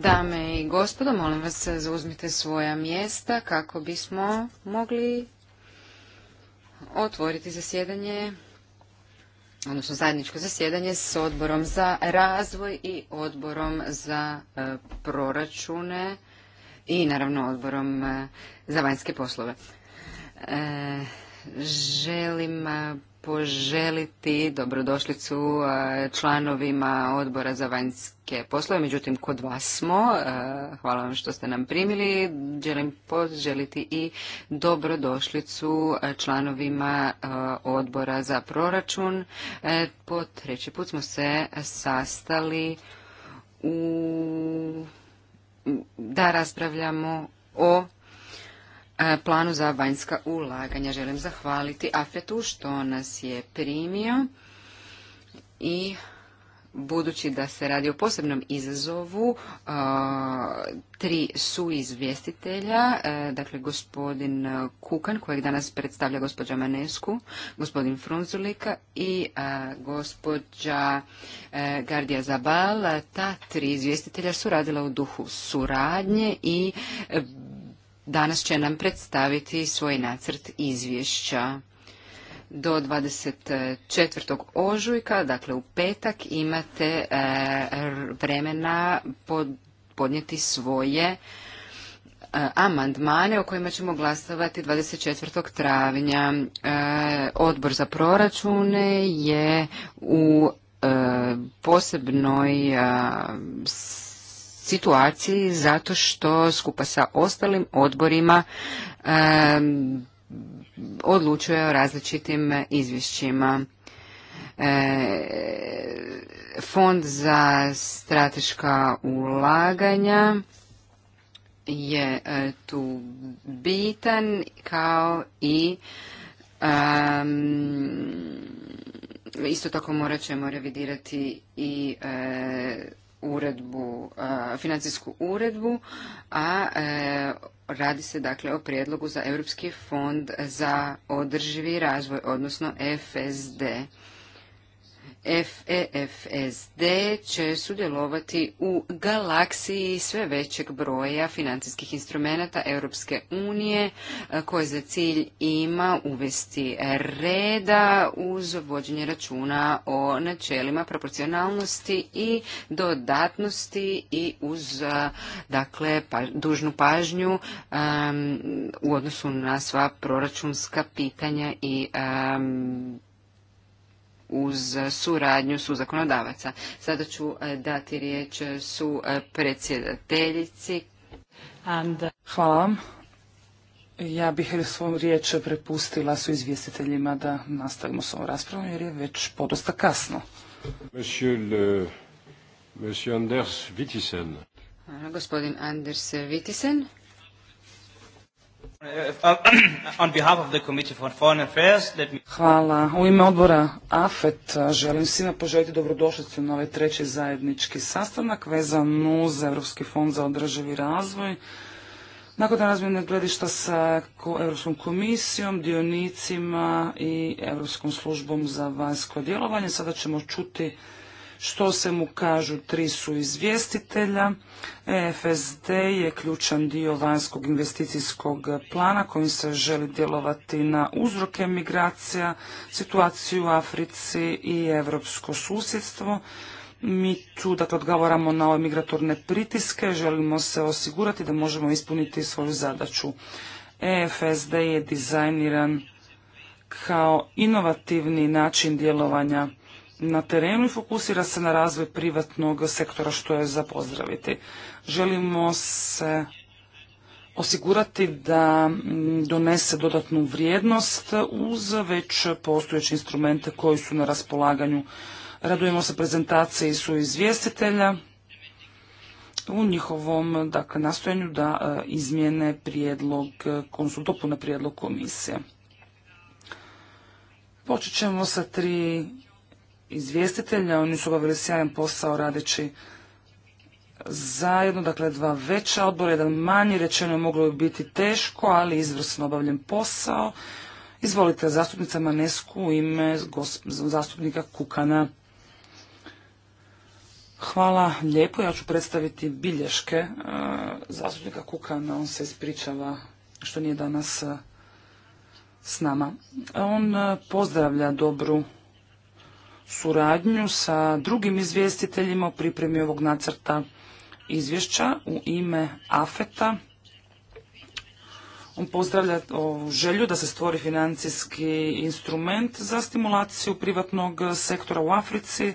Dame i gospodo, molim vas zauzmite svoja mjesta kako bismo mogli otvoriti zasjedanje, odnosno zajedničko zasjedanje s odborom za razvoj i odborom za e, proračune i naravno odborom e, za vanjske poslove. E, želim poželiti dobrodošlicu članovima odbora za vanjske poslove. Međutim, kod vas smo. Hvala vam što ste nam primili. Želim poželiti i dobrodošlicu članovima odbora za proračun. E, po treći put smo se sastali u da raspravljamo o E, planu za vanjska ulaganja. Želim zahvaliti Afetu što nas je primio i budući da se radi o posebnom izazovu e, tri su izvjestitelja, e, dakle gospodin Kukan kojeg danas predstavlja gospođa Manesku, gospodin Frunzulika i gospođa Gardija Zabal. Ta tri izvjestitelja su radila u duhu suradnje i danas će nam predstaviti svoj nacrt izvješća. Do 24. ožujka, dakle u petak, imate e, vremena podnijeti svoje e, amandmane o kojima ćemo glasovati 24. travnja. E, Odbor za proračune je u posebnoj situaciji zato što skupa sa ostalim odborima e, odlučuje o različitim izvješćima. E, fond za strateška ulaganja je e, tu bitan kao i isto tako morat ćemo revidirati i e, uredbu, financijsku uredbu, a e, radi se dakle o prijedlogu za Europski fond za održivi razvoj, odnosno FSD. FEFSD će sudjelovati u galaksiji sve većeg broja financijskih instrumenata Europske unije koje za cilj ima uvesti reda uz vođenje računa o načelima proporcionalnosti i dodatnosti i uz dakle pa, dužnu pažnju u odnosu na sva proračunska pitanja i uz suradnju su zakonodavaca. Sada ću e, dati riječ su e, predsjedateljici. Uh, Hvala vam. Ja bih svoju riječ prepustila su izvjestiteljima da nastavimo s ovom raspravom jer je već podosta kasno. Monsieur, monsieur Anders Gospodin Anders Wittisen. Uh, Hvala. U ime odbora AFET uh, želim svima poželjeti dobrodošlicu na ovaj treći zajednički sastanak vezan uz Europski fond za održivi razvoj. Nakon razmjene gledišta sa Europskom komisijom, dionicima i Europskom službom za vanjsko djelovanje, sada ćemo čuti što se mu kažu tri su izvjestitelja. EFSD je ključan dio vanjskog investicijskog plana kojim se želi djelovati na uzroke migracija, situaciju u Africi i europsko susjedstvo. Mi tu dakle odgovaramo na ove migratorne pritiske, želimo se osigurati da možemo ispuniti svoju zadaću. EFSD je dizajniran kao inovativni način djelovanja na terenu i fokusira se na razvoj privatnog sektora što je za pozdraviti. Želimo se osigurati da mm, donese dodatnu vrijednost uz već postojeće instrumente koji su na raspolaganju. Radujemo se prezentaciji su izvjestitelja u njihovom dakle, nastojanju da e, izmjene prijedlog, konsultopu na prijedlog komisije. Počet ćemo sa tri izvjestitelja. Oni su obavili sjajan posao radeći zajedno, dakle dva veća odbora, jedan manji, rečeno je moglo biti teško, ali izvrsno obavljen posao. Izvolite zastupnica Manesku u ime zastupnika Kukana. Hvala lijepo. Ja ću predstaviti bilješke e, zastupnika Kukana. On se ispričava što nije danas e, s nama. On e, pozdravlja dobru suradnju sa drugim izvjestiteljima u pripremi ovog nacrta izvješća u ime AFETA. On pozdravlja želju da se stvori financijski instrument za stimulaciju privatnog sektora u Africi,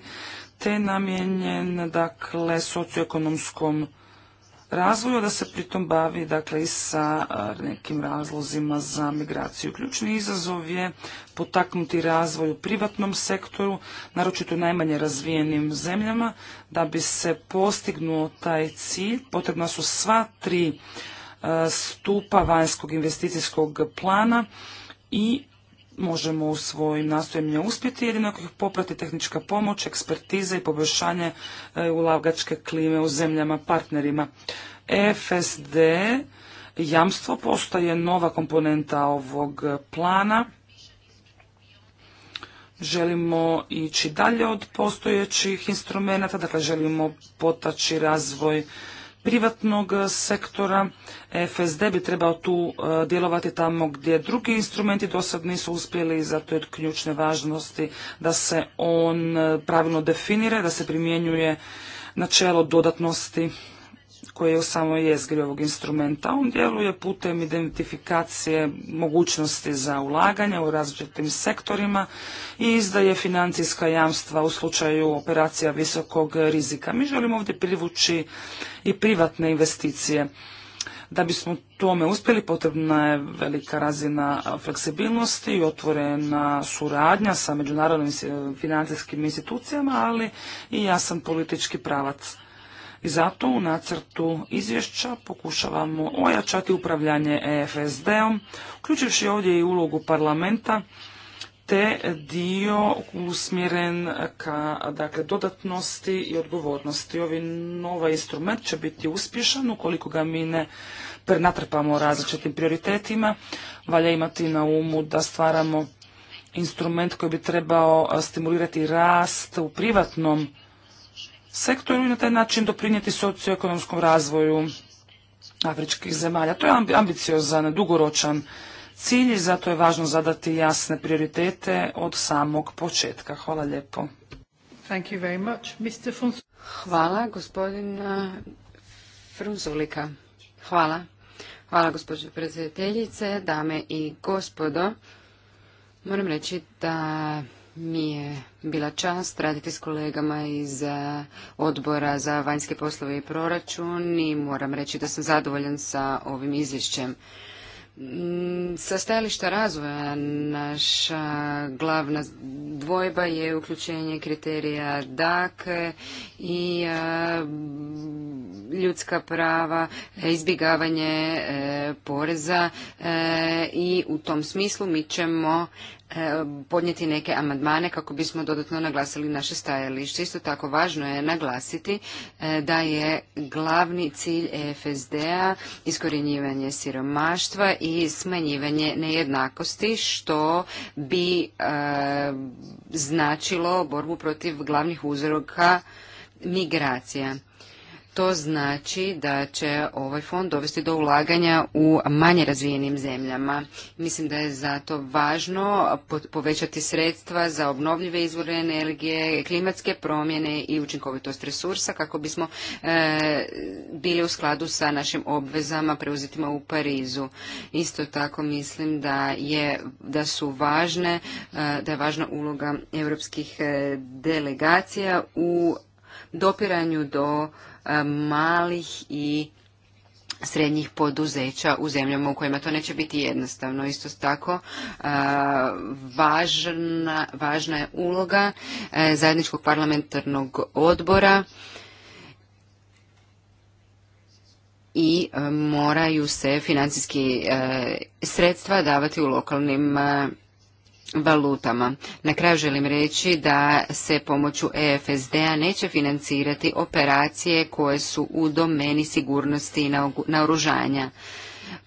te namijenjen dakle socioekonomskom razvoju, da se pritom bavi dakle, i sa nekim razlozima za migraciju. Ključni izazov je potaknuti razvoj u privatnom sektoru, naročito najmanje razvijenim zemljama. Da bi se postignuo taj cilj, potrebna su sva tri stupa vanjskog investicijskog plana i možemo u svojim nastojanjima uspjeti, jedino ako ih poprati tehnička pomoć, ekspertiza i poboljšanje e, ulagačke klime u zemljama partnerima. E FSD jamstvo postaje nova komponenta ovog plana. Želimo ići dalje od postojećih instrumenta, dakle želimo potaći razvoj privatnog e, sektora. FSD bi trebao tu e, djelovati tamo gdje drugi instrumenti do sad nisu uspjeli i zato je od ključne važnosti da se on e, pravilno definira, da se primjenjuje načelo dodatnosti koji je u samoj jezgri ovog instrumenta. On djeluje putem identifikacije mogućnosti za ulaganje u različitim sektorima i izdaje financijska jamstva u slučaju operacija visokog rizika. Mi želimo ovdje privući i privatne investicije. Da bismo tome uspjeli potrebna je velika razina fleksibilnosti i otvorena suradnja sa međunarodnim financijskim institucijama, ali i jasan politički pravac. I zato u nacrtu izvješća pokušavamo ojačati upravljanje EFSD-om, uključivši ovdje i ulogu parlamenta, te dio usmjeren ka dakle, dodatnosti i odgovornosti. Ovi novi instrument će biti uspješan ukoliko ga mi ne prenatrpamo različitim prioritetima. Valja imati na umu da stvaramo instrument koji bi trebao stimulirati rast u privatnom sektoru i na taj način doprinijeti socioekonomskom razvoju afričkih zemalja. To je ambiciozan, dugoročan cilj i zato je važno zadati jasne prioritete od samog početka. Hvala lijepo. Thank Hvala gospodin uh, Frunzulika. Hvala. Hvala gospođo predsjedateljice, dame i gospodo. Moram reći da mi je bila čast raditi s kolegama iz eh, odbora za vanjske poslove i proračun i moram reći da sam zadovoljan sa ovim izvješćem. Mm, sa stajališta razvoja naša glavna dvojba je uključenje kriterija DAK e i eh, ljudska prava, e, izbjegavanje e, poreza e, i u tom smislu mi ćemo podnijeti neke amandmane kako bismo dodatno naglasili naše stajalište. Isto tako važno je naglasiti da je glavni cilj EFSD-a iskorjenjivanje siromaštva i smanjivanje nejednakosti što bi značilo borbu protiv glavnih uzroka migracija to znači da će ovaj fond dovesti do ulaganja u manje razvijenim zemljama. Mislim da je zato važno povećati sredstva za obnovljive izvore energije, klimatske promjene i učinkovitost resursa kako bismo e, bili u skladu sa našim obvezama preuzetima u Parizu. Isto tako mislim da je da su važne, e, da je važna uloga europskih e, delegacija u dopiranju do E, malih i srednjih poduzeća u zemljama u kojima to neće biti jednostavno. Isto tako e, važna, važna je uloga e, zajedničkog parlamentarnog odbora i moraju se financijski sredstva davati u lokalnim valutama. Na kraju želim reći da se pomoću EFSD-a neće financirati operacije koje su u domeni sigurnosti i naoružanja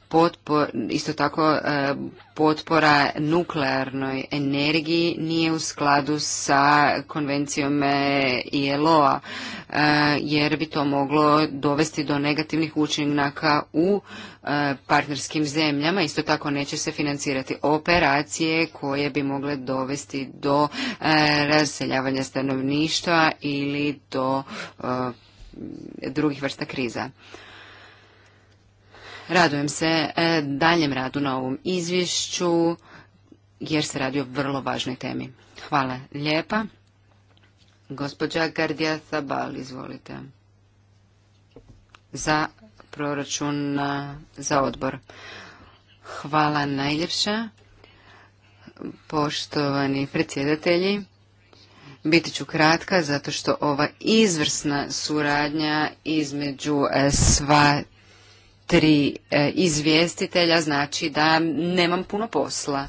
potpor, isto tako e, potpora nuklearnoj energiji nije u skladu sa konvencijom e, ILO-a, e, jer bi to moglo dovesti do negativnih učinaka u partnerskim zemljama. Isto tako neće se financirati operacije koje bi mogle dovesti do raseljavanja stanovništva ili do drugih vrsta kriza. Radujem se e, daljem radu na ovom izvješću jer se radi o vrlo važnoj temi. Hvala lijepa. Gospođa Gardija Thabal, izvolite. Za proračun e, za odbor. Hvala najljepša. Poštovani predsjedatelji, biti ću kratka zato što ova izvrsna suradnja između e, sva tri e, izvjestitelja, znači da nemam puno posla.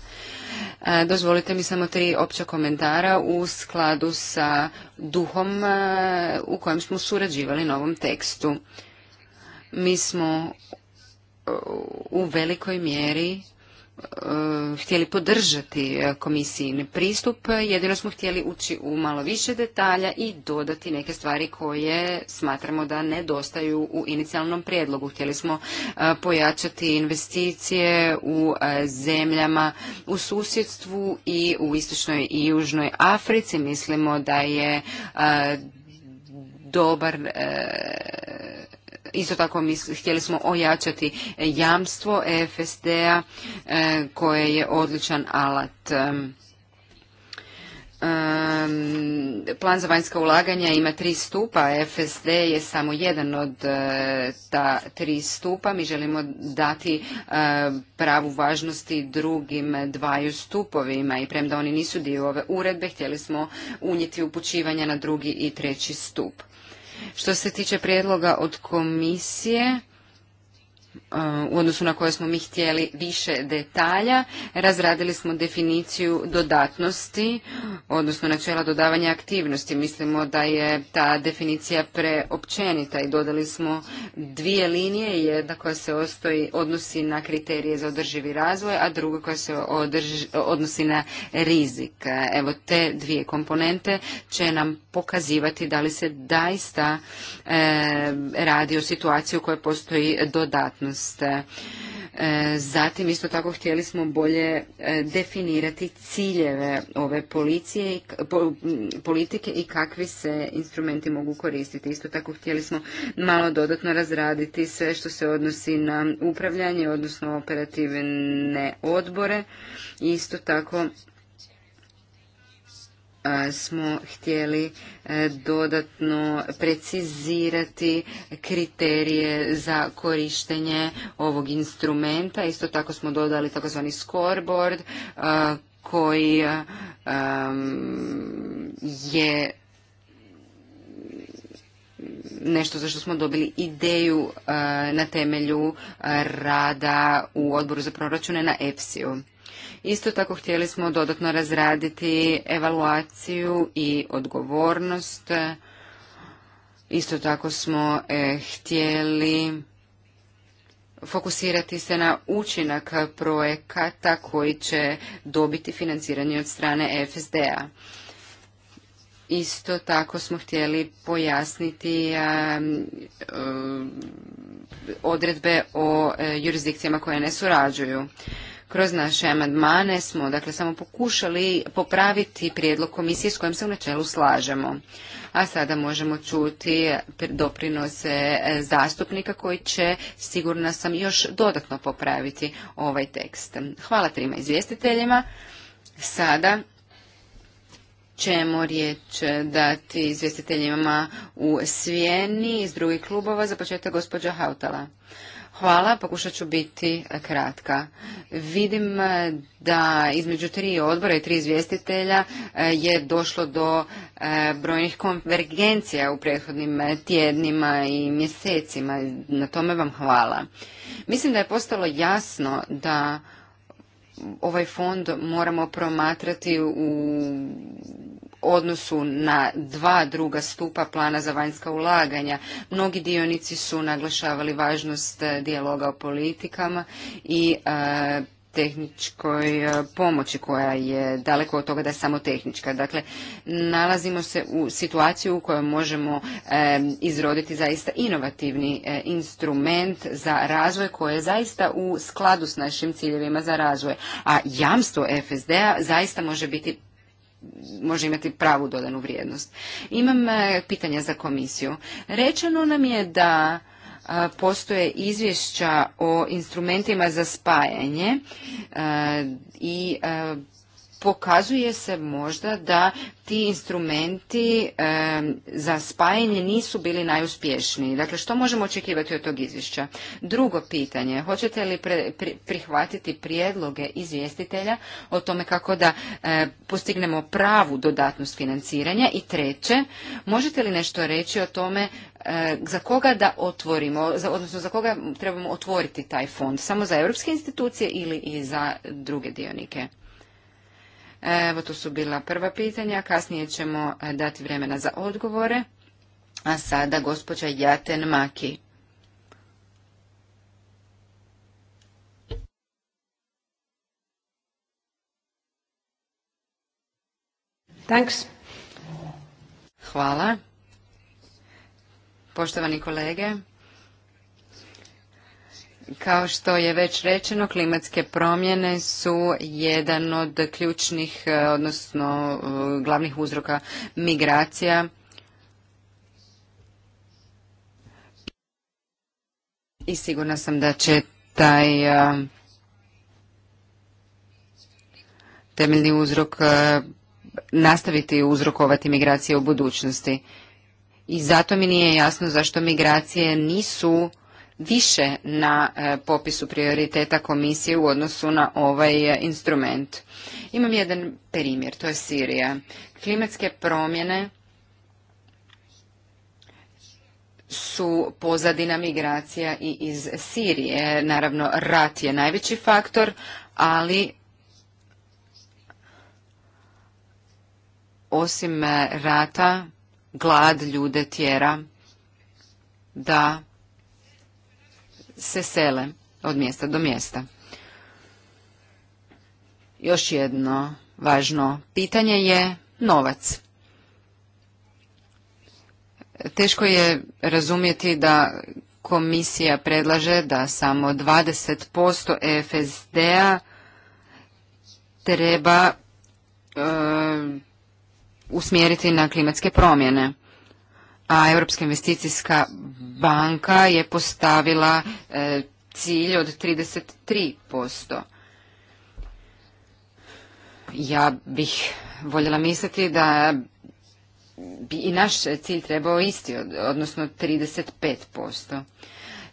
E, dozvolite mi samo tri opća komentara u skladu sa duhom e, u kojem smo surađivali na ovom tekstu. Mi smo u velikoj mjeri Eh, htjeli podržati eh, komisijni pristup, jedino smo htjeli ući u malo više detalja i dodati neke stvari koje smatramo da nedostaju u inicijalnom prijedlogu. Htjeli smo eh, pojačati investicije u zemljama u susjedstvu i u istočnoj i južnoj Africi. Mislimo da je dobar Isto tako mi htjeli smo ojačati e, jamstvo e FSD-a e, koje je odličan alat. plan za vanjska ulaganja ima tri stupa, FSD je samo jedan od ta tri stupa. Mi želimo dati pravu važnosti drugim dvaju stupovima i premda oni nisu dio ove uredbe, htjeli smo unijeti upućivanja na drugi i treći stup. Što se tiče prijedloga od komisije, E, u odnosu na koje smo mi htjeli više detalja. Razradili smo definiciju dodatnosti, odnosno načela dodavanja aktivnosti. Mislimo da je ta definicija preopćenita i dodali smo dvije linije, jedna koja se ostoji, odnosi na kriterije za održivi razvoj, a druga koja se odnosi na rizik. Evo te dvije komponente će nam pokazivati da li se daista e, radi o situaciji u kojoj postoji dodatnost E, zatim isto tako htjeli smo bolje e, definirati ciljeve ove policije, politike i kakvi se instrumenti mogu koristiti. Isto tako htjeli smo malo dodatno razraditi sve što se odnosi na upravljanje, odnosno operativne odbore. Isto tako smo htjeli e, dodatno precizirati kriterije za korištenje ovog instrumenta. Isto tako smo dodali takozvani scoreboard e, koji e, je nešto za što smo dobili ideju na temelju rada u odboru za proračune na EPSI-u. Isto tako htjeli smo dodatno razraditi evaluaciju i odgovornost. Isto tako smo e, htjeli fokusirati se na učinak projekata koji će dobiti financiranje od strane FSD-a. Isto tako smo htjeli pojasniti e, e, odredbe o jurisdikcijama koje ne surađuju. Kroz naše amandmane smo dakle samo pokušali popraviti prijedlog komisije s kojim se u načelu slažemo. A sada možemo čuti doprinose e, zastupnika koji će sigurna sam još dodatno popraviti ovaj tekst. Hvala trima izvjestiteljima. Sada ćemo riječ dati izvjestiteljima u Svijeni iz drugih klubova. Za početak gospođa Hautala. Hvala, pokušat ću biti kratka. Vidim eh, da između tri odbora i tri izvjestitelja eh, je došlo do eh, brojnih konvergencija u prethodnim tjednima i mjesecima. Na tome vam hvala. Mislim da je postalo jasno da ovaj fond moramo promatrati u odnosu na dva druga stupa plana za vanjska ulaganja. Mnogi dionici su naglašavali važnost e, dijaloga o politikama i e, tehničkoj e, pomoći koja je daleko od toga da je samo tehnička. Dakle, nalazimo se u situaciju u kojoj možemo izroditi zaista inovativni instrument za razvoj koji je zaista u skladu s našim ciljevima za razvoj. A jamstvo FSD-a zaista može biti može imati pravu dodanu vrijednost. Imam e, pitanja za komisiju. Rečeno nam je da e, postoje izvješća o instrumentima za spajanje e, i pokazuje se možda da ti instrumenti za spajanje nisu bili najuspješniji. Dakle, što možemo očekivati od tog izvješća? Drugo pitanje, hoćete li prihvatiti prijedloge izvjestitelja o tome kako da eh, postignemo pravu dodatnost financiranja? I treće, možete li nešto reći o tome eh, za koga da otvorimo, odnosno za koga trebamo otvoriti taj fond? Samo za europske institucije ili i za druge dionike? Evo, to su bila prva pitanja. Kasnije ćemo e, dati vremena za odgovore. A sada gospođa Jaten Maki. Thanks. Hvala. Poštovani kolege, kao što je već rečeno, klimatske promjene su jedan od ključnih, e, odnosno e, glavnih uzroka migracija. I sigurna sam da će taj e, temeljni uzrok nastaviti uzrokovati migracije u budućnosti. I zato mi nije jasno zašto migracije nisu više na e, popisu prioriteta komisije u odnosu na ovaj e, instrument. Imam jedan primjer, to je Sirija. Klimatske promjene su pozadina migracija i iz Sirije. Naravno, rat je najveći faktor, ali osim e, rata, glad ljude tjera da se sele od mjesta do mjesta. Još jedno važno pitanje je novac. Teško je razumjeti da komisija predlaže da samo 20% EFSD-a treba e, usmjeriti na klimatske promjene a Europska investicijska banka je postavila e, cilj od 33%. Ja bih voljela misliti da bi i naš cilj trebao isti, odnosno 35%.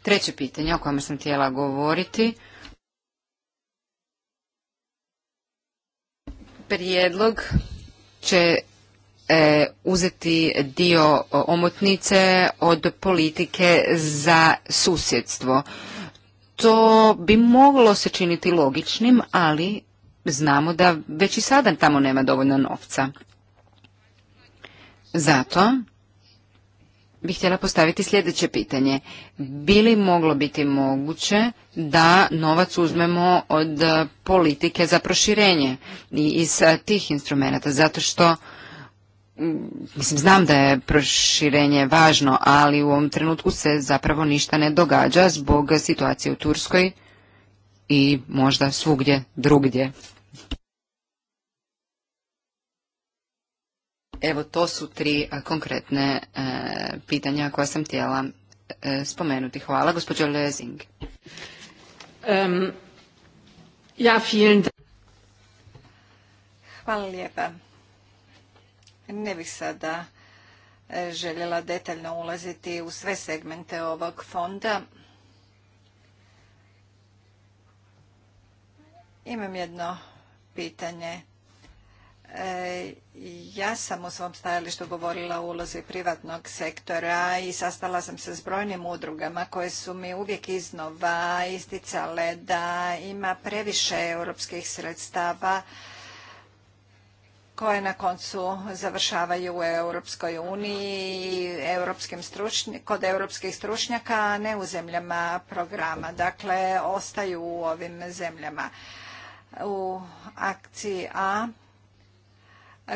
Treće pitanje o kojem sam htjela govoriti. Prijedlog će E, uzeti dio omotnice od politike za susjedstvo. To bi moglo se činiti logičnim, ali znamo da već i sada tamo nema dovoljno novca. Zato bih htjela postaviti sljedeće pitanje. Bi li moglo biti moguće da novac uzmemo od politike za proširenje i iz tih instrumenta? Zato što Mm, mislim znam da je proširenje važno, ali u ovom trenutku se zapravo ništa ne događa zbog situacije u Turskoj i možda svugdje drugdje. Evo to su tri konkretne e, pitanja koja sam htjela e, spomenuti. Hvala, gospođo Lezing. Hvala lijepa. Ne bih sada e, željela detaljno ulaziti u sve segmente ovog fonda. Imam jedno pitanje. E, ja sam u svom stajalištu govorila o ulozi privatnog sektora i sastala sam se s brojnim udrugama koje su mi uvijek iznova isticale da ima previše europskih sredstava koje na koncu završavaju u Europskoj uniji kod europskih stručnjaka, a ne u zemljama programa. Dakle, ostaju u ovim zemljama. U akciji A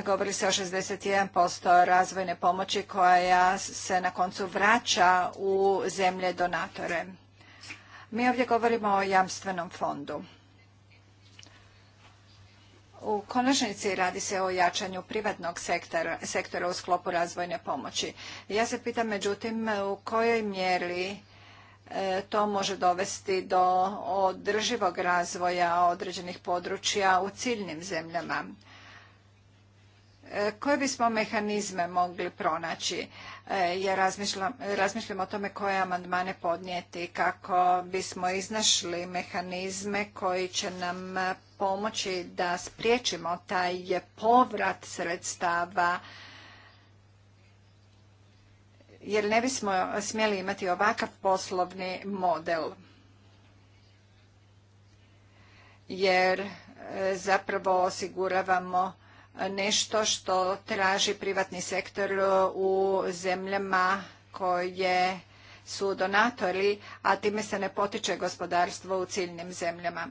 govori se o 61% razvojne pomoći koja se na koncu vraća u zemlje donatore. Mi ovdje govorimo o jamstvenom fondu. U konačnici radi se o jačanju privatnog sektora, u sklopu razvojne pomoći. Ja se pitam međutim u kojoj mjeri e, to može dovesti do održivog razvoja određenih područja u ciljnim zemljama. E, koje bismo mehanizme mogli pronaći? E, ja razmišljam, o tome koje amandmane podnijeti kako bismo iznašli mehanizme koji će nam pomoći da spriječimo taj povrat sredstava jer ne bismo smjeli imati ovakav poslovni model. Jer e, zapravo osiguravamo nešto što traži privatni sektor u zemljama koje su donatori, a time se ne potiče gospodarstvo u ciljnim zemljama.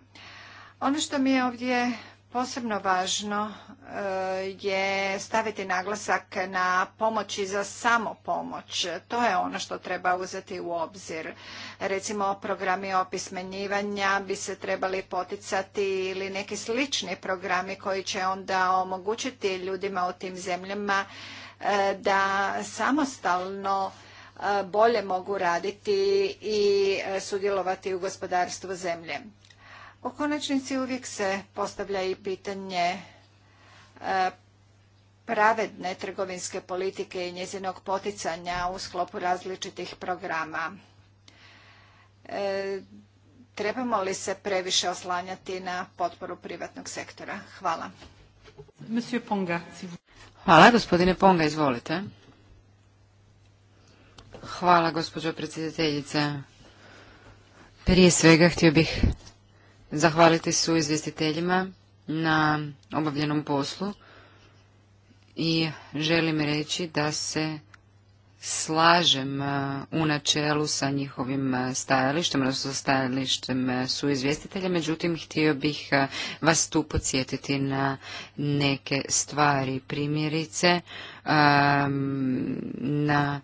Ono što mi je ovdje Posebno važno eh, je staviti naglasak na pomoć i za samopomoć. To je ono što treba uzeti u obzir. Recimo, programi opismenjivanja bi se trebali poticati ili neki slični programi koji će onda omogućiti ljudima u tim zemljama eh, da samostalno eh, bolje mogu raditi i sudjelovati u gospodarstvu zemlje. U konačnici uvijek se postavlja i pitanje e, pravedne trgovinske politike i njezinog poticanja u sklopu različitih programa. E, trebamo li se previše oslanjati na potporu privatnog sektora? Hvala. Hvala, gospodine Ponga, izvolite. Hvala, gospođo predsjedateljice. Prije svega htio bih zahvaliti su izvjestiteljima na obavljenom poslu i želim reći da se slažem e, u načelu sa njihovim e, stajalištem, odnosno stajalištem e, su izvjestitelja, međutim htio bih vas tu podsjetiti na neke stvari, primjerice na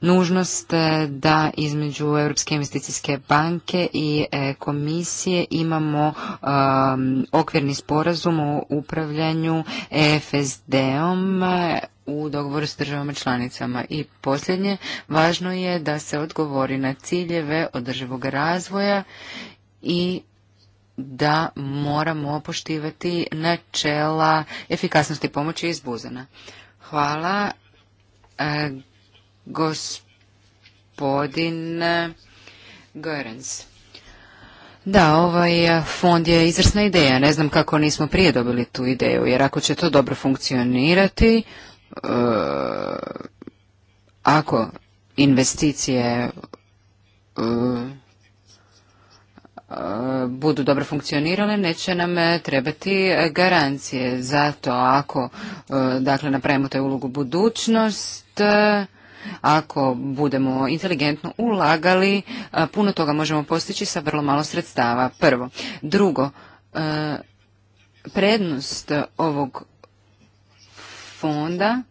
nužnost da između Europske investicijske banke i e, komisije imamo um, okvirni sporazum o upravljanju EFSD-om e, u dogovoru s državama članicama. I posljednje, važno je da se odgovori na ciljeve održivog razvoja i da moramo poštivati načela efikasnosti pomoći iz Buzana. Hvala. E, gospodin Görens. Da, ovaj fond je izvrsna ideja. Ne znam kako nismo prije dobili tu ideju, jer ako će to dobro funkcionirati, e, ako investicije e, e, budu dobro funkcionirale, neće nam trebati garancije. Zato ako dakle napravimo te ulogu budućnost, ako budemo inteligentno ulagali, puno toga možemo postići sa vrlo malo sredstava. Prvo. Drugo, prednost ovog fonda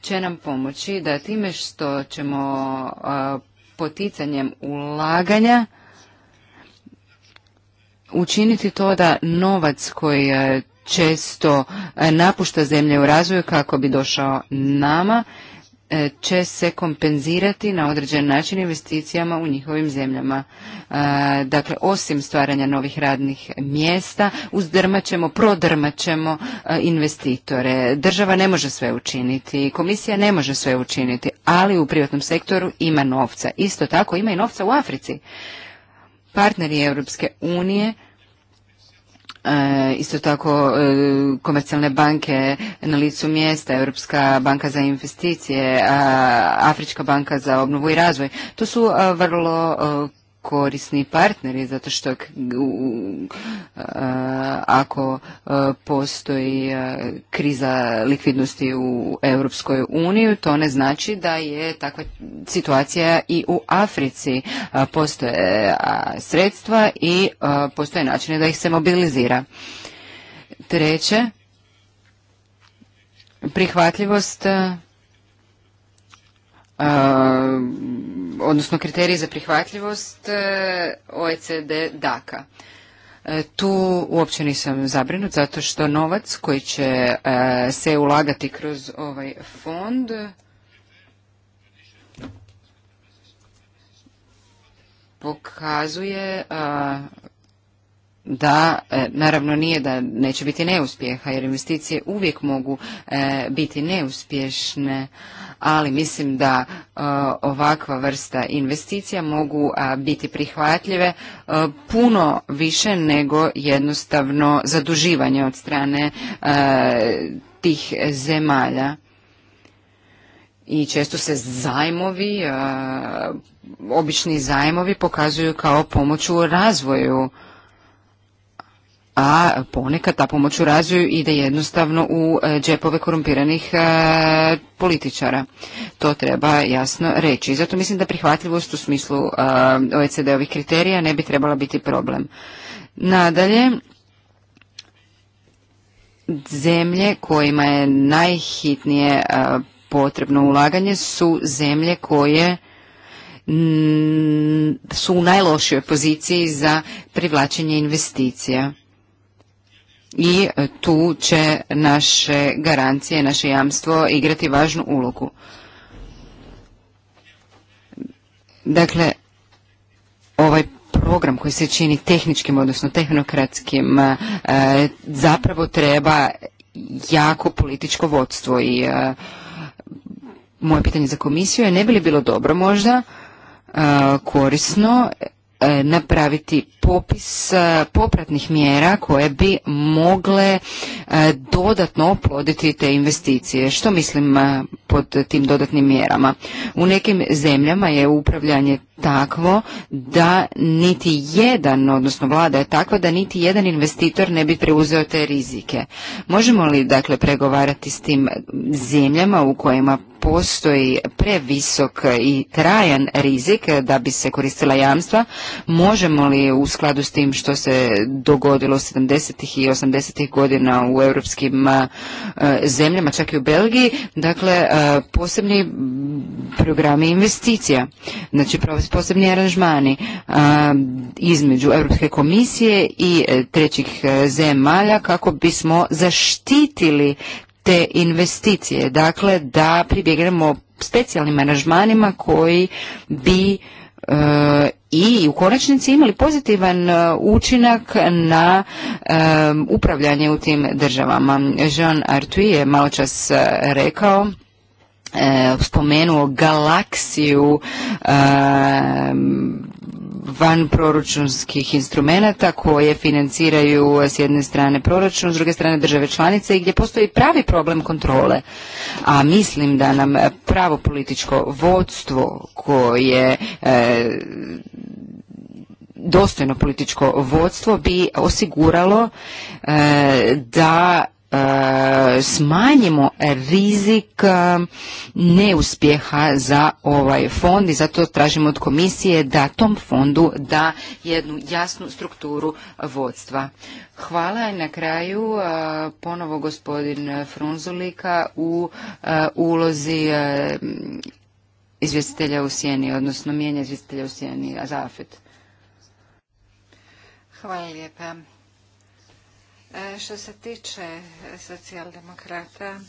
će nam pomoći da time što ćemo poticanjem ulaganja učiniti to da novac koji često napušta zemlje u razvoju kako bi došao nama E, će se kompenzirati na određen način investicijama u njihovim zemljama. E, dakle, osim stvaranja novih radnih mjesta, uzdrmaćemo, prodrmaćemo e, investitore. Država ne može sve učiniti, komisija ne može sve učiniti, ali u privatnom sektoru ima novca. Isto tako ima i novca u Africi. Partneri Europske unije E, isto tako e, komercijalne banke na licu mjesta, Europska banka za investicije, Afrička banka za obnovu i razvoj. To su e, vrlo korisni partneri zato što ako postoji kriza likvidnosti u Europskoj uniji to ne znači da je takva situacija i u Africi postoje sredstva i postoje načine da ih se mobilizira. Treće prihvatljivost odnosno kriteriji za prihvatljivost e, OECD DAKA. E, tu uopće nisam zabrinut zato što novac koji će e, se ulagati kroz ovaj fond pokazuje da e, naravno nije da neće biti neuspjeha jer investicije uvijek mogu e, biti neuspješne ali mislim da e, ovakva vrsta investicija mogu biti prihvatljive puno više nego jednostavno zaduživanje od strane tih zemalja i često se zajmovi obični zajmovi pokazuju kao pomoć u razvoju a ponekad ta pomoć u razvoju ide jednostavno u e, džepove korumpiranih e, političara. To treba jasno reći. zato mislim da prihvatljivost u smislu e, OECD-ovih kriterija ne bi trebala biti problem. Nadalje, zemlje kojima je najhitnije potrebno ulaganje su zemlje koje su u najlošijoj poziciji za privlačenje investicija i e, tu će naše garancije, naše jamstvo igrati važnu ulogu. Dakle, ovaj program koji se čini tehničkim, odnosno tehnokratskim, e, zapravo treba jako političko vodstvo i e, moje pitanje za komisiju je ne bi li bilo dobro možda korisno E, napraviti popis e, popratnih mjera koje bi mogle e, dodatno oploditi te investicije. Što mislim pod tim dodatnim mjerama? U nekim zemljama je upravljanje takvo da niti jedan, odnosno vlada je takva da niti jedan investitor ne bi preuzeo te rizike. Možemo li dakle pregovarati s tim zemljama u kojima postoji previsok i trajan rizik da bi se koristila jamstva, možemo li u skladu s tim što se dogodilo 70. i 80. godina u europskim e, zemljama, čak i u Belgiji, dakle e, posebni programi investicija, znači posebni aranžmani između Europske komisije i e, trećih e, zemalja kako bismo zaštitili te investicije. Dakle, da pribjegnemo specijalnim aranžmanima koji bi e, i u konačnici imali pozitivan učinak na upravljanje u tim državama. Jean Artui je malo čas rekao Eh, spomenuo galaksiju van instrumenata koje financiraju s jedne strane proračun, s druge strane države članice i gdje postoji pravi problem kontrole. A mislim da nam pravo političko vodstvo koje eh, dostojno političko vodstvo bi osiguralo eh, da E, smanjimo rizik e, neuspjeha za ovaj fond i zato tražimo od komisije da tom fondu da jednu jasnu strukturu vodstva. Hvala na kraju e, ponovo gospodin Frunzulika u ulozi izvjestitelja u sjeni, odnosno mijenja izvjestitelja u sjeni, Azafet. Hvala lijepa. E, što se tiče socijaldemokrata,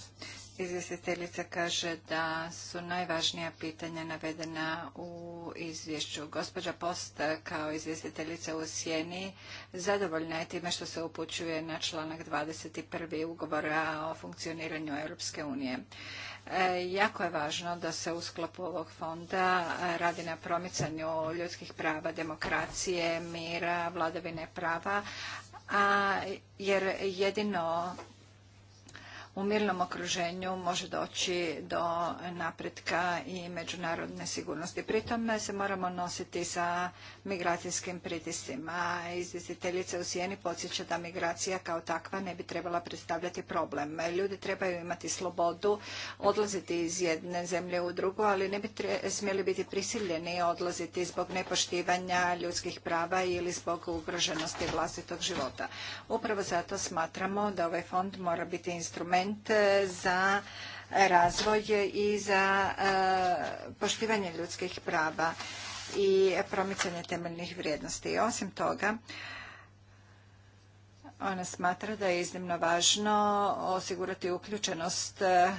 izvjestiteljica kaže da su najvažnija pitanja navedena u izvješću. Gospođa Post kao izvjestiteljica u Sjeni zadovoljna je time što se upućuje na članak 21. ugovora o funkcioniranju Europske unije. E, jako je važno da se u sklopu ovog fonda radi na promicanju ljudskih prava, demokracije, mira, vladavine prava, a jer jedino u mirnom okruženju može doći do napretka i međunarodne sigurnosti. Pritom se moramo nositi sa migracijskim pritiscima. Izvjestiteljica u Sijeni podsjeća da migracija kao takva ne bi trebala predstavljati problem. Ljudi trebaju imati slobodu odlaziti iz jedne zemlje u drugu, ali ne bi smjeli biti prisiljeni odlaziti zbog nepoštivanja ljudskih prava ili zbog ugroženosti vlastitog života. Upravo zato smatramo da ovaj fond mora biti instrument E, za razvoj i za e, poštivanje ljudskih prava i promicanje temeljnih vrijednosti. Osim toga, ona smatra da je iznimno važno osigurati uključenost e,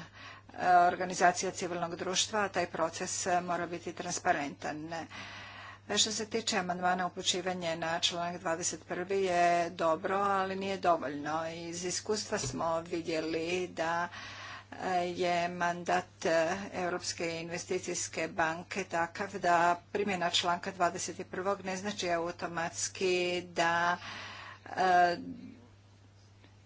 organizacija civilnog društva, a taj proces mora biti transparentan. Što se tiče amandmana upućivanje na članak 21. je dobro, ali nije dovoljno. Iz iskustva smo vidjeli da eh, je mandat eh, Europske investicijske banke takav da primjena članka 21. ne znači automatski da eh,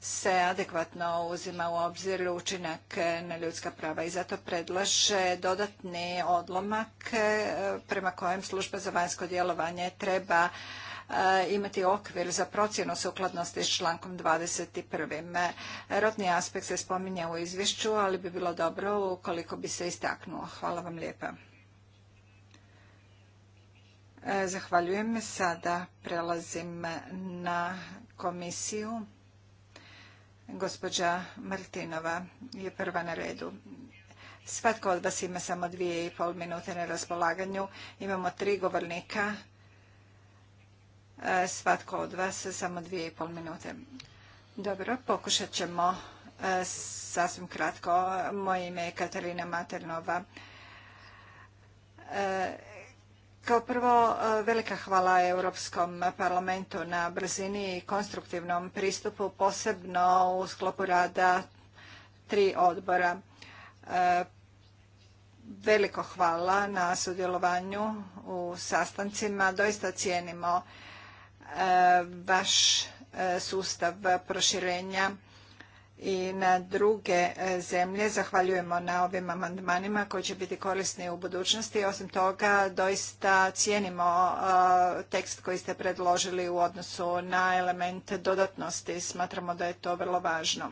se adekvatno uzima u obzir učinak e, na ljudska prava i zato predlaže dodatni odlomak e, prema kojem služba za vanjsko djelovanje treba e, imati okvir za procjenu sukladnosti s člankom 21. Rodni aspekt se spominje u izvješću, ali bi bilo dobro ukoliko bi se istaknuo. Hvala vam lijepa. Zahvaljujem. Sada prelazim na komisiju. Gospođa Martinova je prva na redu. Svatko od vas ima samo dvije i pol minute na raspolaganju. Imamo tri govornika. E, svatko od vas samo dvije i pol minute. Dobro, pokušat ćemo e, sasvim kratko. Moje ime je Katarina Maternova e, kao prvo, e, velika hvala Europskom parlamentu na brzini i konstruktivnom pristupu, posebno u sklopu rada tri odbora. E, veliko hvala na sudjelovanju u sastancima. Doista cijenimo e, vaš sustav proširenja i na druge e, zemlje. Zahvaljujemo na ovim amandmanima koji će biti korisni u budućnosti. Osim toga, doista cijenimo e, tekst koji ste predložili u odnosu na element dodatnosti. Smatramo da je to vrlo važno.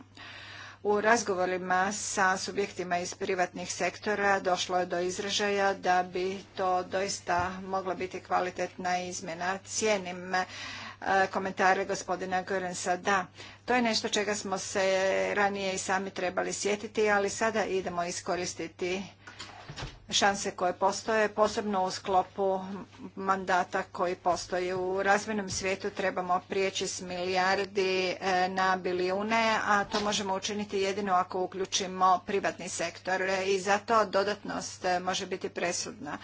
U razgovorima sa subjektima iz privatnih sektora došlo je do izražaja da bi to doista mogla biti kvalitetna izmjena. Cijenim E, komentare gospodina Gorensa. Da, to je nešto čega smo se ranije i sami trebali sjetiti, ali sada idemo iskoristiti šanse koje postoje, posebno u sklopu mandata koji postoji. U razvojnom svijetu trebamo prijeći s milijardi e, na bilijune, a to možemo učiniti jedino ako uključimo privatni sektor e, i zato dodatnost e, može biti presudna.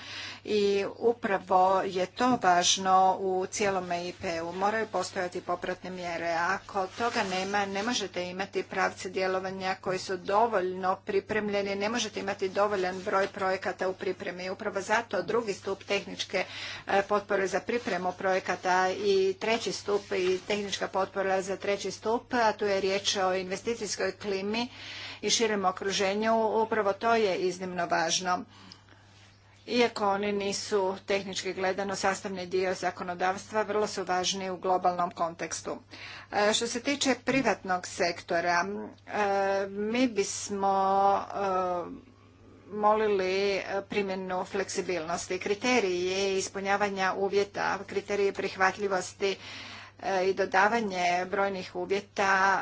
I upravo je to važno u cijelom IP-u. Moraju postojati popratne mjere. Ako toga nema, ne možete imati pravce djelovanja koji su dovoljno pripremljeni, ne možete imati dovoljan broj projekata projekata u pripremi. Upravo zato drugi stup tehničke e, potpore za pripremu projekata i treći stup i tehnička potpora za treći stup, a tu je riječ o investicijskoj klimi i širem okruženju, upravo to je iznimno važno. Iako oni nisu tehnički gledano sastavni dio zakonodavstva, vrlo su važni u globalnom kontekstu. E, što se tiče privatnog sektora, e, mi bismo molili e, primjenu fleksibilnosti. Kriteriji ispunjavanja uvjeta, kriteriji prihvatljivosti e, i dodavanje brojnih uvjeta e,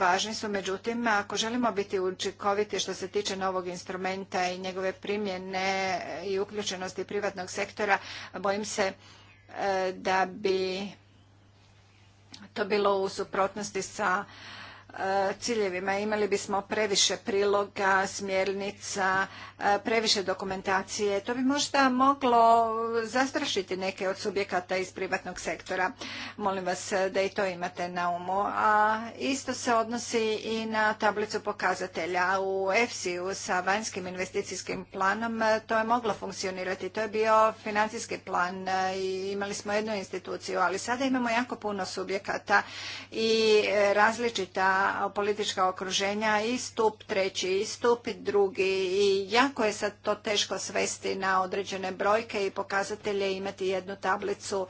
važni su. Međutim, ako želimo biti učinkoviti što se tiče novog instrumenta i njegove primjene i uključenosti privatnog sektora, bojim se da bi to bilo u suprotnosti sa ciljevima imali bismo previše priloga, smjernica, e, previše dokumentacije. To bi možda moglo zastrašiti neke od subjekata iz privatnog sektora. Molim vas e, da i to imate na umu. A isto se odnosi i na tablicu pokazatelja. U EFSI-u sa vanjskim investicijskim planom e, to je moglo funkcionirati. To je bio financijski plan i imali smo jednu instituciju, ali sada imamo jako puno subjekata i različita politička, okruženja i stup treći i stup drugi i jako je sad to teško svesti na određene brojke i pokazatelje imati jednu tablicu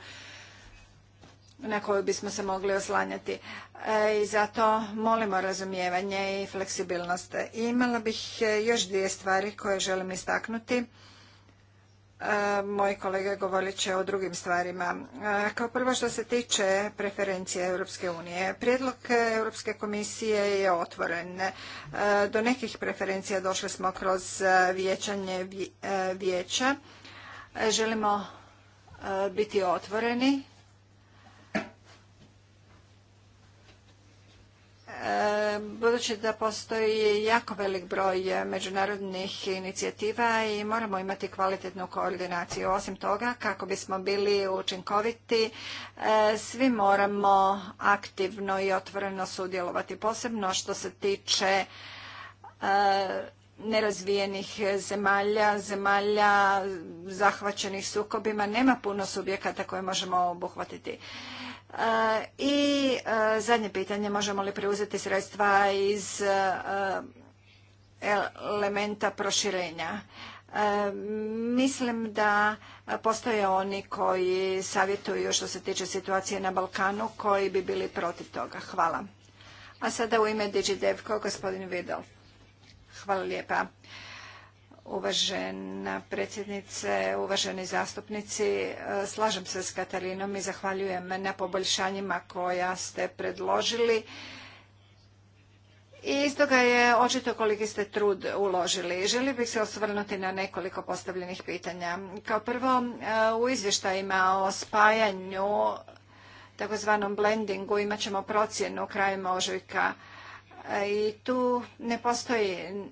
na koju bismo se mogli oslanjati. E, I zato molimo razumijevanje i fleksibilnost. imala bih e, još dvije stvari koje želim istaknuti. Moji kolege govorit će o drugim stvarima. Kao prvo što se tiče preferencije Europske unije, prijedlog Europske komisije je otvoren. Do nekih preferencija došli smo kroz vijećanje vijeća. Želimo biti otvoreni budući da postoji jako velik broj međunarodnih inicijativa i moramo imati kvalitetnu koordinaciju. Osim toga, kako bismo bili učinkoviti, e, svi moramo aktivno i otvoreno sudjelovati, posebno što se tiče e, nerazvijenih zemalja, zemalja zahvaćenih sukobima, nema puno subjekata koje možemo obuhvatiti. I e, zadnje pitanje, možemo li preuzeti sredstva iz e, elementa proširenja? E, mislim da postoje oni koji savjetuju što se tiče situacije na Balkanu koji bi bili protiv toga. Hvala. A sada u ime DigiDevko gospodin Vidal. Hvala lijepa. Uvažena predsjednice, uvaženi zastupnici, e, slažem se s Katarinom i zahvaljujem na poboljšanjima koja ste predložili. I iz je očito koliki ste trud uložili. Želio bih se osvrnuti na nekoliko postavljenih pitanja. Kao prvo, e, u izvještajima o spajanju, takozvanom blendingu, imat ćemo procjenu krajem ožujka. E, I tu ne postoji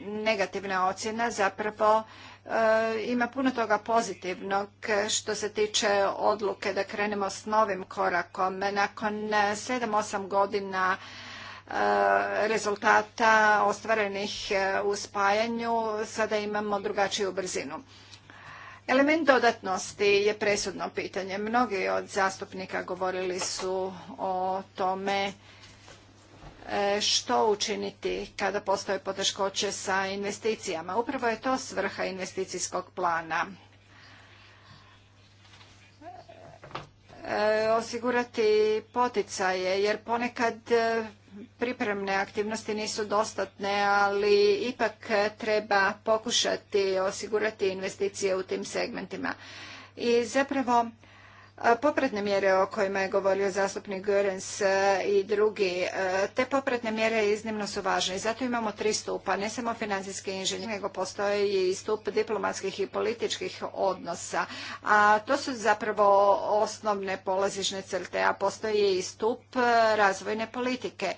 negativna ocjena zapravo e, ima puno toga pozitivnog što se tiče odluke da krenemo s novim korakom. Nakon 7-8 godina e, rezultata ostvarenih e, u spajanju sada imamo drugačiju brzinu. Element dodatnosti je presudno pitanje. Mnogi od zastupnika govorili su o tome E, što učiniti kada postoje poteškoće sa investicijama. Upravo je to svrha investicijskog plana. E, osigurati poticaje, jer ponekad pripremne aktivnosti nisu dostatne, ali ipak treba pokušati osigurati investicije u tim segmentima. I zapravo popratne mjere o kojima je govorio zastupnik Görens e, i drugi, e, te popratne mjere iznimno su važne i zato imamo tri stupa, ne samo financijski inženjer, nego postoji i stup diplomatskih i političkih odnosa. A to su zapravo osnovne polazišne crte, a postoji i stup e, razvojne politike.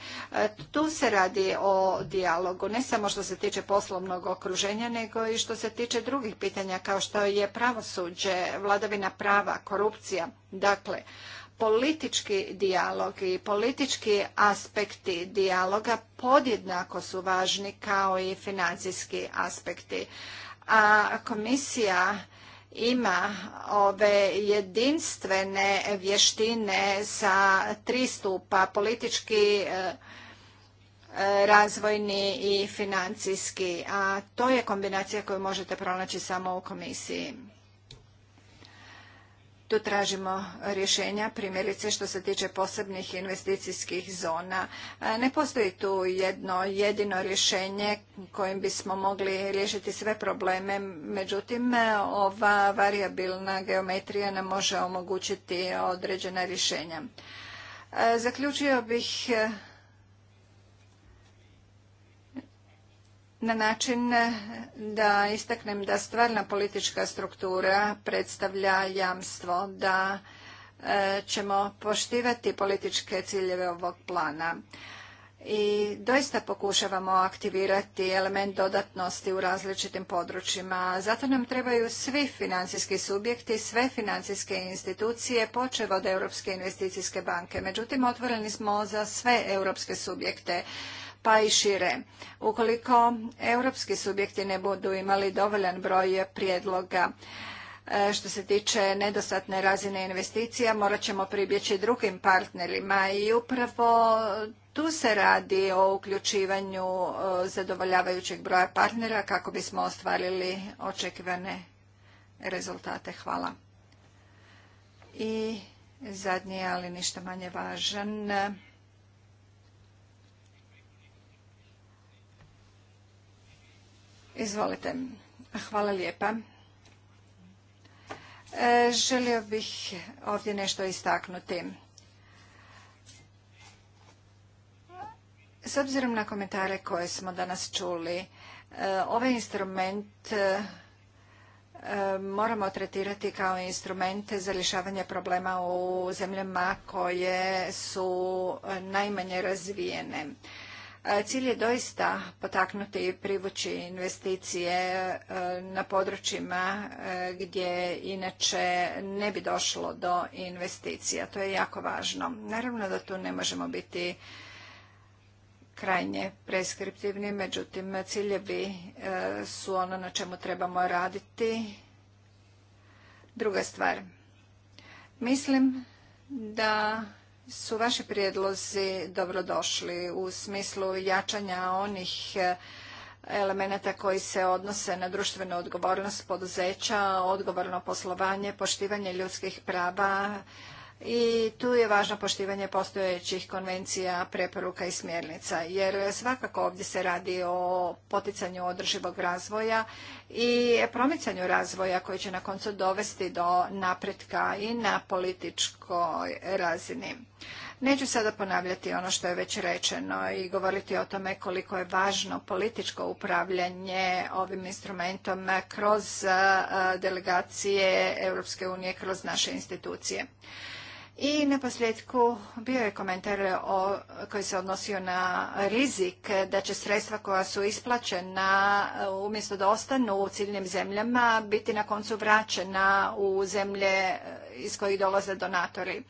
Tu se radi o dijalogu, ne samo što se tiče poslovnog okruženja, nego i što se tiče drugih pitanja kao što je pravosuđe, vladavina prava, korupcija, Dakle, politički dijalog i politički aspekti dijaloga podjednako su važni kao i financijski aspekti. A komisija ima ove jedinstvene vještine sa tri stupa, politički e, e, razvojni i financijski, a to je kombinacija koju možete pronaći samo u komisiji. Tu tražimo rješenja, primjerice što se tiče posebnih investicijskih zona. Ne postoji tu jedno jedino rješenje kojim bismo mogli riješiti sve probleme, međutim ova variabilna geometrija nam može omogućiti određena rješenja. Zaključio bih na način eh, da istaknem da stvarna politička struktura predstavlja jamstvo da eh, ćemo poštivati političke ciljeve ovog plana i doista pokušavamo aktivirati element dodatnosti u različitim područjima. Zato nam trebaju svi financijski subjekti, sve financijske institucije, počev od Europske investicijske banke. Međutim, otvoreni smo za sve europske subjekte pa i šire. Ukoliko europski subjekti ne budu imali dovoljan broj prijedloga e, što se tiče nedostatne razine investicija, morat ćemo pribjeći drugim partnerima i upravo tu se radi o uključivanju e, zadovoljavajućeg broja partnera kako bismo ostvarili očekivane rezultate. Hvala. I zadnji, ali ništa manje važan, Izvolite. Hvala lijepa. E, želio bih ovdje nešto istaknuti. S obzirom na komentare koje smo danas čuli, e, ovaj instrument e, moramo tretirati kao instrument za rješavanje problema u zemljama koje su najmanje razvijene. E, cilj je doista potaknuti i privući investicije e, na područjima e, gdje inače ne bi došlo do investicija. To je jako važno. Naravno da tu ne možemo biti krajnje preskriptivni, međutim ciljevi su ono na čemu trebamo raditi. Druga stvar, mislim da su vaši prijedlozi dobrodošli u smislu jačanja onih e, elemenata koji se odnose na društvenu odgovornost poduzeća, odgovorno poslovanje, poštivanje ljudskih prava, i tu je važno poštivanje postojećih konvencija, preporuka i smjernica, jer svakako ovdje se radi o poticanju održivog razvoja i promicanju razvoja koji će na koncu dovesti do napretka i na političkoj razini. Neću sada ponavljati ono što je već rečeno i govoriti o tome koliko je važno političko upravljanje ovim instrumentom kroz eh, delegacije Europske unije, kroz naše institucije. I na posljedku bio je komentar o, koji se odnosio na rizik da će sredstva koja su isplaćena e, umjesto da ostanu u ciljnim zemljama biti na koncu vraćena u zemlje e, iz kojih dolaze donatori.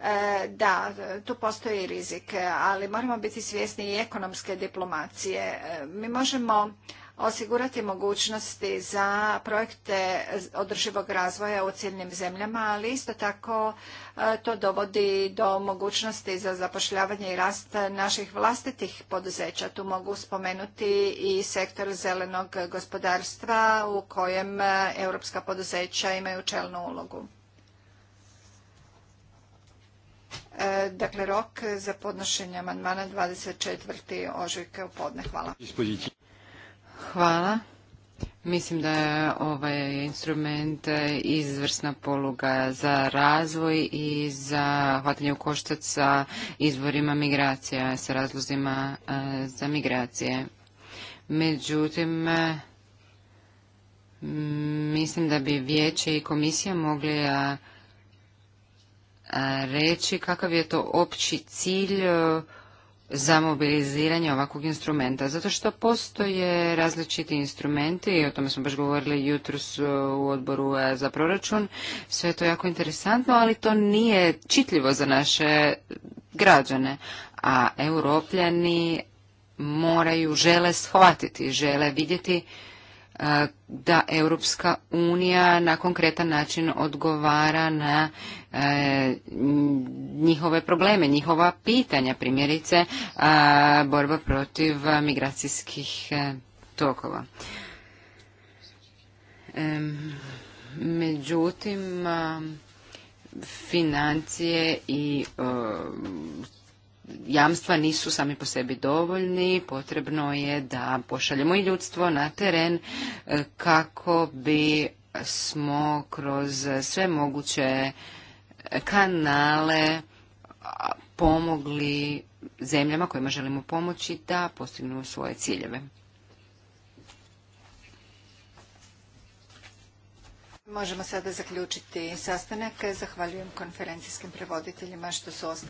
E, da, tu postoji rizik, ali moramo biti svjesni i ekonomske diplomacije. Mi možemo osigurati mogućnosti za projekte održivog razvoja u ciljnim zemljama, ali isto tako e, to dovodi do mogućnosti za zapošljavanje i rast naših vlastitih poduzeća. Tu mogu spomenuti i sektor zelenog gospodarstva u kojem e, europska poduzeća imaju čelnu ulogu. E, dakle, rok za podnošenje amandmana 24. ožujka u podne. Hvala. Hvala. Mislim da je ovaj instrument izvrsna poluga za razvoj i za hvatanje u koštac sa izvorima migracija, sa razlozima eh, za migracije. Međutim, mm, mislim da bi vijeće i komisija mogli eh, reći kakav je to opći cilj za mobiliziranje ovakvog instrumenta, zato što postoje različiti instrumenti, i o tome smo baš govorili jutros e, u odboru e, za proračun, sve je to jako interesantno, ali to nije čitljivo za naše građane, a europljani moraju, žele shvatiti, žele vidjeti da Europska unija na konkretan način odgovara na e, njihove probleme, njihova pitanja, primjerice borba protiv migracijskih e, tokova. međutim, financije i jamstva nisu sami po sebi dovoljni, potrebno je da pošaljemo i ljudstvo na teren e, kako bi smo kroz sve moguće e, kanale pomogli zemljama kojima želimo pomoći da postignu svoje ciljeve. Možemo sada zaključiti sastanak. Zahvaljujem konferencijskim prevoditeljima što su ostali.